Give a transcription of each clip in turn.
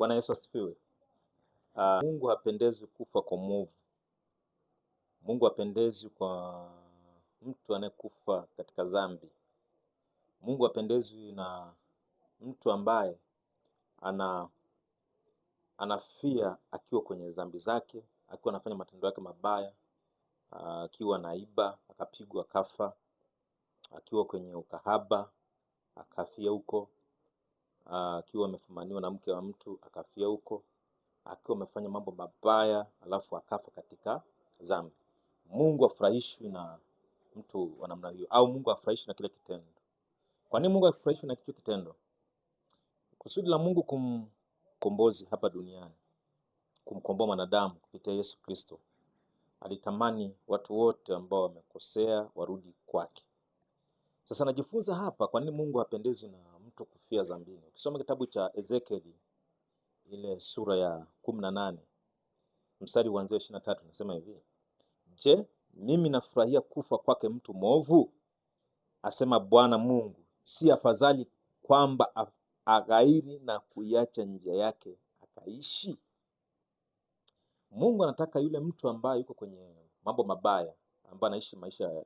Bwana Yesu asifiwe. Uh, Mungu hapendezwi kufa kwa mwovu. Mungu hapendezwi kwa mtu anayekufa katika dhambi. Mungu hapendezwi na mtu ambaye ana anafia akiwa kwenye dhambi zake, akiwa anafanya matendo yake mabaya, ah, akiwa naiba akapigwa kafa akiwa kwenye ukahaba akafia huko. Ah, akiwa amefumaniwa na mke wa mtu akafia huko, akiwa amefanya mambo mabaya alafu akafa katika zambi Mungu afurahishwi na mtu wa namna hiyo, au Mungu afurahishwi na kile kitendo. Kwa nini Mungu afurahishwi na kicho kitendo? Kusudi la Mungu kumkombozi hapa duniani, kumkomboa mwanadamu kupitia Yesu Kristo, alitamani watu wote ambao wamekosea warudi kwake. Sasa najifunza hapa, kwa nini Mungu hapendezwi na mtu kufia dhambini. Ukisoma kitabu cha Ezekieli ile sura ya kumi na nane mstari wa ishirini na tatu nasema hivi: Je, mimi nafurahia kufa kwake mtu mwovu? Asema Bwana Mungu, si afadhali kwamba aghairi na kuiacha njia yake akaishi? Mungu anataka yule mtu ambaye yuko kwenye mambo mabaya, ambaye anaishi maisha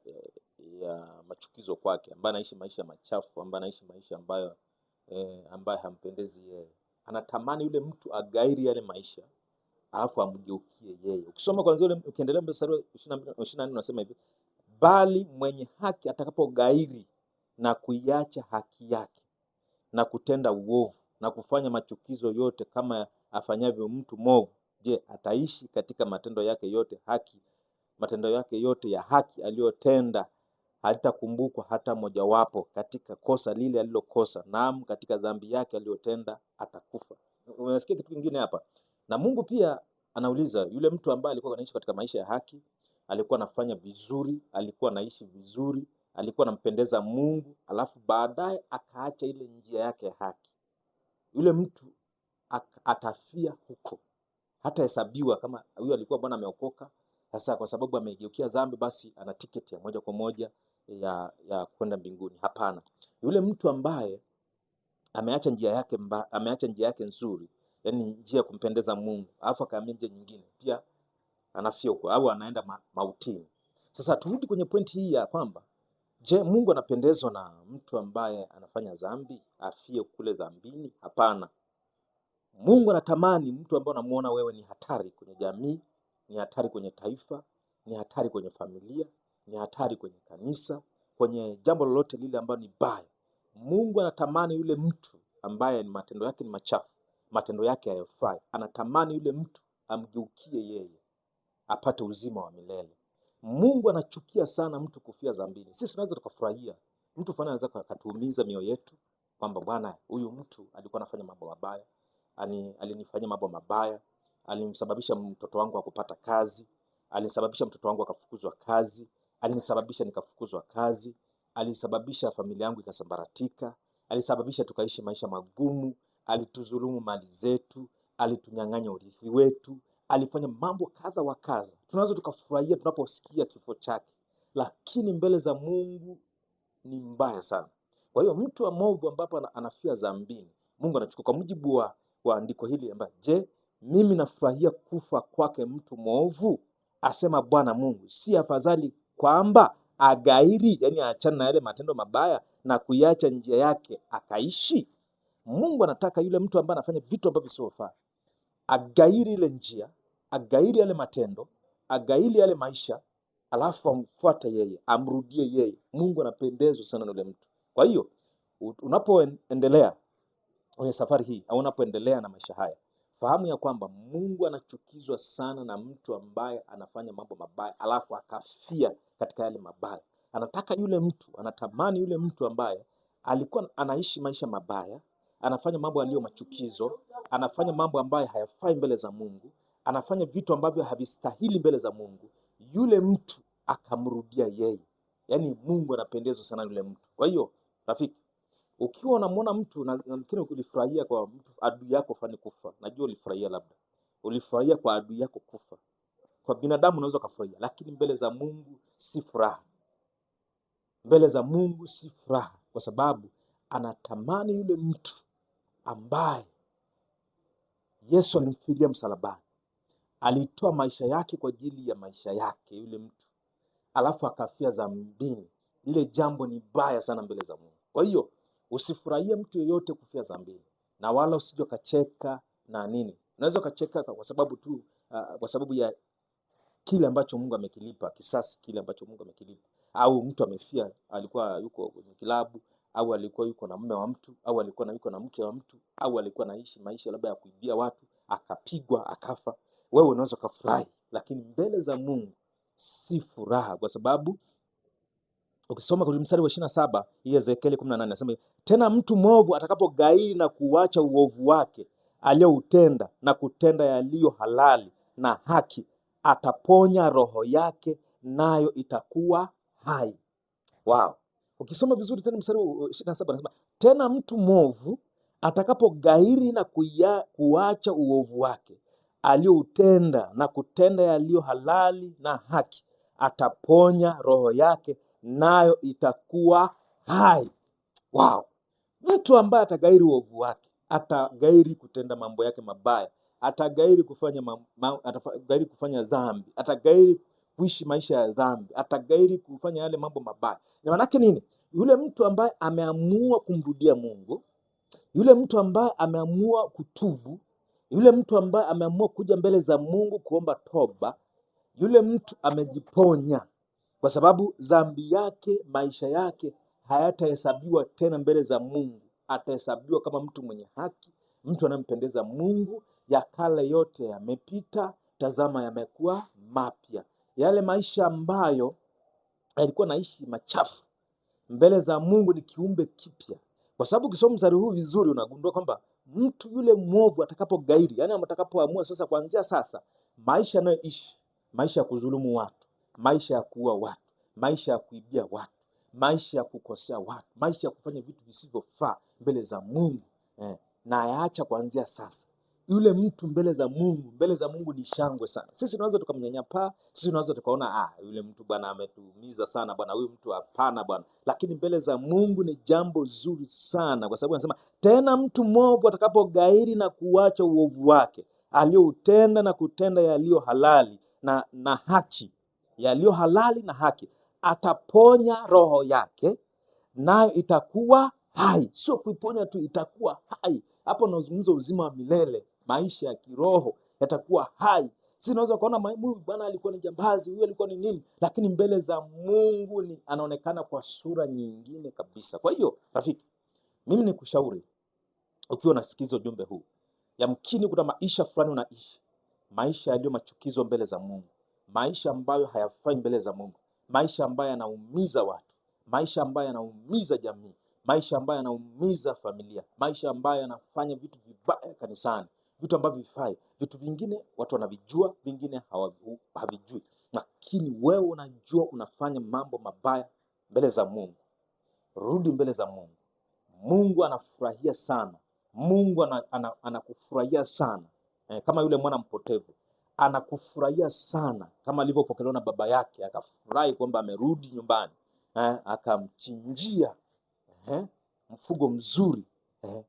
ya machukizo kwake, ambaye anaishi maisha machafu, ambaye anaishi maisha ambayo eh, ambaye hampendezi yeye. Anatamani yule mtu agairi yale maisha alafu amgeukie yeye. Ukisoma kwanza ule ukiendelea mstari wa ishirini unasema hivi, bali mwenye haki atakapogairi na kuiacha haki yake na kutenda uovu na kufanya machukizo yote kama afanyavyo mtu mwovu, je, ataishi katika matendo yake yote haki matendo yake yote ya haki aliyotenda hatakumbukwa hata mojawapo katika kosa lile alilokosa, naam, katika dhambi yake aliyotenda atakufa. Umesikia kitu kingine hapa, na Mungu pia anauliza yule mtu ambaye alikuwa anaishi katika maisha ya haki, alikuwa anafanya vizuri, alikuwa anaishi vizuri, alikuwa anampendeza Mungu, alafu baadaye akaacha ile njia yake ya haki, yule mtu atafia huko, hata hesabiwa kama huyo alikuwa bwana ameokoka. Sasa kwa sababu amegeukia dhambi, basi ana tiketi ya moja kwa moja ya, ya kwenda mbinguni. Hapana, yule mtu ambaye ameacha njia yake mba, ameacha njia yake nzuri, yani njia ya kumpendeza Mungu, alafu akaamia njia nyingine, pia anafia huko au anaenda ma, mautini. Sasa turudi kwenye pointi hii ya kwamba je, Mungu anapendezwa na mtu ambaye anafanya dhambi afie kule dhambini? Hapana, Mungu anatamani mtu ambaye unamuona wewe ni hatari kwenye jamii, ni hatari kwenye taifa, ni hatari kwenye familia, ni hatari kwenye kanisa, kwenye jambo lolote lile ambalo ni baya. Mungu anatamani yule mtu ambaye ni matendo yake ni machafu, matendo yake hayofai, anatamani yule mtu amgeukie yeye apate uzima wa milele. Mungu anachukia sana mtu kufia dhambini. Sisi tunaweza tukafurahia mtu fulani anaweza akatuumiza mioyo yetu kwamba bwana, huyu mtu alikuwa anafanya mambo mabaya, alinifanyia mambo mabaya, alimsababisha mtoto wangu akupata kazi, alisababisha mtoto wangu akafukuzwa kazi, alinisababisha nikafukuzwa kazi, alisababisha familia yangu ikasambaratika, alisababisha tukaishi maisha magumu, alituzulumu mali zetu, alitunyang'anya urithi wetu, alifanya mambo kadha wa kadha. Tunaweza tukafurahia tunaposikia kifo chake, lakini mbele za Mungu ni mbaya sana. Kwa hiyo mtu wa movu ambapo anafia zambini Mungu anachukua kwa mujibu wa, andiko hili amba, je, mimi nafurahia kufa kwake mtu mwovu? Asema Bwana Mungu, si afadhali kwamba agairi yani aachane na yale matendo mabaya na kuiacha njia yake akaishi. Mungu anataka yule mtu ambaye anafanya vitu ambavyo visivyofaa agairi ile njia, agairi yale matendo, agairi yale maisha, alafu amfuate yeye, amrudie yeye. Mungu anapendezwa sana na yule mtu. Kwa hiyo unapoendelea kwenye safari hii au unapoendelea na maisha haya fahamu ya kwamba Mungu anachukizwa sana na mtu ambaye anafanya mambo mabaya alafu akafia katika yale mabaya. Anataka yule mtu, anatamani yule mtu ambaye alikuwa anaishi maisha mabaya, anafanya mambo yaliyo machukizo, anafanya mambo ambayo hayafai mbele za Mungu, anafanya vitu ambavyo havistahili mbele za Mungu, yule mtu akamrudia yeye. Yaani Mungu anapendezwa sana yule mtu. Kwa hiyo rafiki ukiwa unamwona mtu na ulifurahia kwa mtu adui yako fani kufa, najua ulifurahia, labda ulifurahia kwa adui yako kufa. Kwa binadamu unaweza ukafurahia, lakini mbele za Mungu si furaha. Mbele za Mungu si furaha, kwa sababu anatamani yule mtu ambaye Yesu alimfiria msalabani, alitoa maisha yake kwa ajili ya maisha yake yule mtu, alafu akafia za dhambini. Lile jambo ni baya sana mbele za Mungu. Kwa hiyo Usifurahie mtu yeyote kufia zambini na wala usije ukacheka na nini. Unaweza ukacheka kwa sababu tu uh, kwa sababu ya kile ambacho Mungu amekilipa, kisasi kile ambacho Mungu amekilipa, au mtu amefia, alikuwa yuko kwenye kilabu, au alikuwa yuko na mume wa mtu, au alikuwa na yuko na mke wa mtu, au alikuwa naishi maisha labda ya kuibia watu, akapigwa akafa. Wewe unaweza ukafurahi, lakini mbele za Mungu si furaha, kwa sababu ukisoma kwenye mstari wa ishirini na saba hii Ezekieli kumi na nane nasema tena, mtu mwovu atakapogairi na kuacha uovu wake aliyoutenda na kutenda yaliyo halali na haki, ataponya roho yake, nayo itakuwa hai. Wow. Ukisoma vizuri tena mstari wa ishirini na saba nasema tena, mtu mwovu atakapogairi na kuacha uovu wake aliyoutenda na kutenda yaliyo halali na haki, ataponya roho yake nayo itakuwa hai. Wow, mtu ambaye atagairi uovu wake, atagairi kutenda mambo yake mabaya, atagairi kufanya ma, atagairi kufanya dhambi, atagairi kuishi maisha ya dhambi, atagairi kufanya yale mambo mabaya. Na maanake nini? Yule mtu ambaye ameamua kumrudia Mungu, yule mtu ambaye ameamua kutubu, yule mtu ambaye ameamua kuja mbele za Mungu kuomba toba, yule mtu amejiponya kwa sababu dhambi yake, maisha yake hayatahesabiwa tena mbele za Mungu. Atahesabiwa kama mtu mwenye haki, mtu anayempendeza Mungu. Ya kale yote yamepita, tazama, yamekuwa mapya. Yale maisha ambayo yalikuwa naishi machafu mbele za Mungu ni kiumbe kipya, kwa sababu ukisoma mstari huu vizuri unagundua kwamba mtu yule mwovu atakapogairi, yani atakapoamua sasa, kuanzia sasa maisha anayoishi maisha ya kudhulumu watu maisha ya kuua watu, maisha ya kuibia watu, maisha ya kukosea watu, maisha ya kufanya vitu visivyofaa mbele za Mungu eh, na ayaacha kuanzia sasa. Yule mtu mbele za Mungu, mbele za Mungu ni shangwe sana. Sisi tunaweza tukamnyanyapaa, sisi tunaweza tukaona ah, yule mtu bwana ametuumiza sana bwana, huyu mtu hapana bwana, lakini mbele za Mungu ni jambo zuri sana, kwa sababu anasema tena, mtu mwovu atakapogairi na kuacha uovu wake alioutenda na kutenda yaliyo halali na, na haki yaliyo halali na haki, ataponya roho yake, nayo itakuwa hai. Sio kuiponya tu, itakuwa hai. Hapo nazungumza uzima wa milele, maisha ya kiroho yatakuwa hai. Si unaweza kuona huyu bwana alikuwa ni jambazi, huyu alikuwa ni nini, lakini mbele za Mungu ni anaonekana kwa sura nyingine kabisa. Kwa hiyo rafiki, mimi nikushauri ukiwa unasikiza ujumbe huu, yamkini kuna maisha fulani unaishi, maisha yaliyo machukizo mbele za Mungu maisha ambayo hayafai mbele za Mungu, maisha ambayo yanaumiza watu, maisha ambayo yanaumiza jamii, maisha ambayo yanaumiza familia, maisha ambayo yanafanya vitu vibaya kanisani, vitu ambavyo vifai. Vitu vingine watu wanavijua, vingine havijui, lakini wewe unajua unafanya mambo mabaya mbele za Mungu. Rudi mbele za Mungu. Mungu anafurahia sana, Mungu anakufurahia ana, ana sana eh, kama yule mwana mpotevu anakufurahia sana, kama alivyopokelewa na baba yake, akafurahi kwamba amerudi nyumbani eh, akamchinjia eh, mfugo mzuri eh,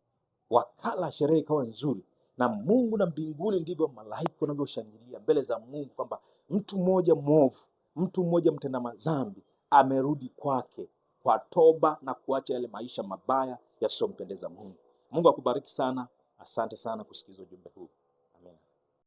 wakala, sherehe ikawa nzuri na Mungu na mbinguni ndivyo malaika wanavyoshangilia mbele za Mungu kwamba mtu mmoja mwovu, mtu mmoja mtenda madhambi amerudi kwake kwa toba na kuacha yale maisha mabaya yasiyompendeza Mungu. Mungu akubariki sana. Asante sana kusikiza ujumbe huu.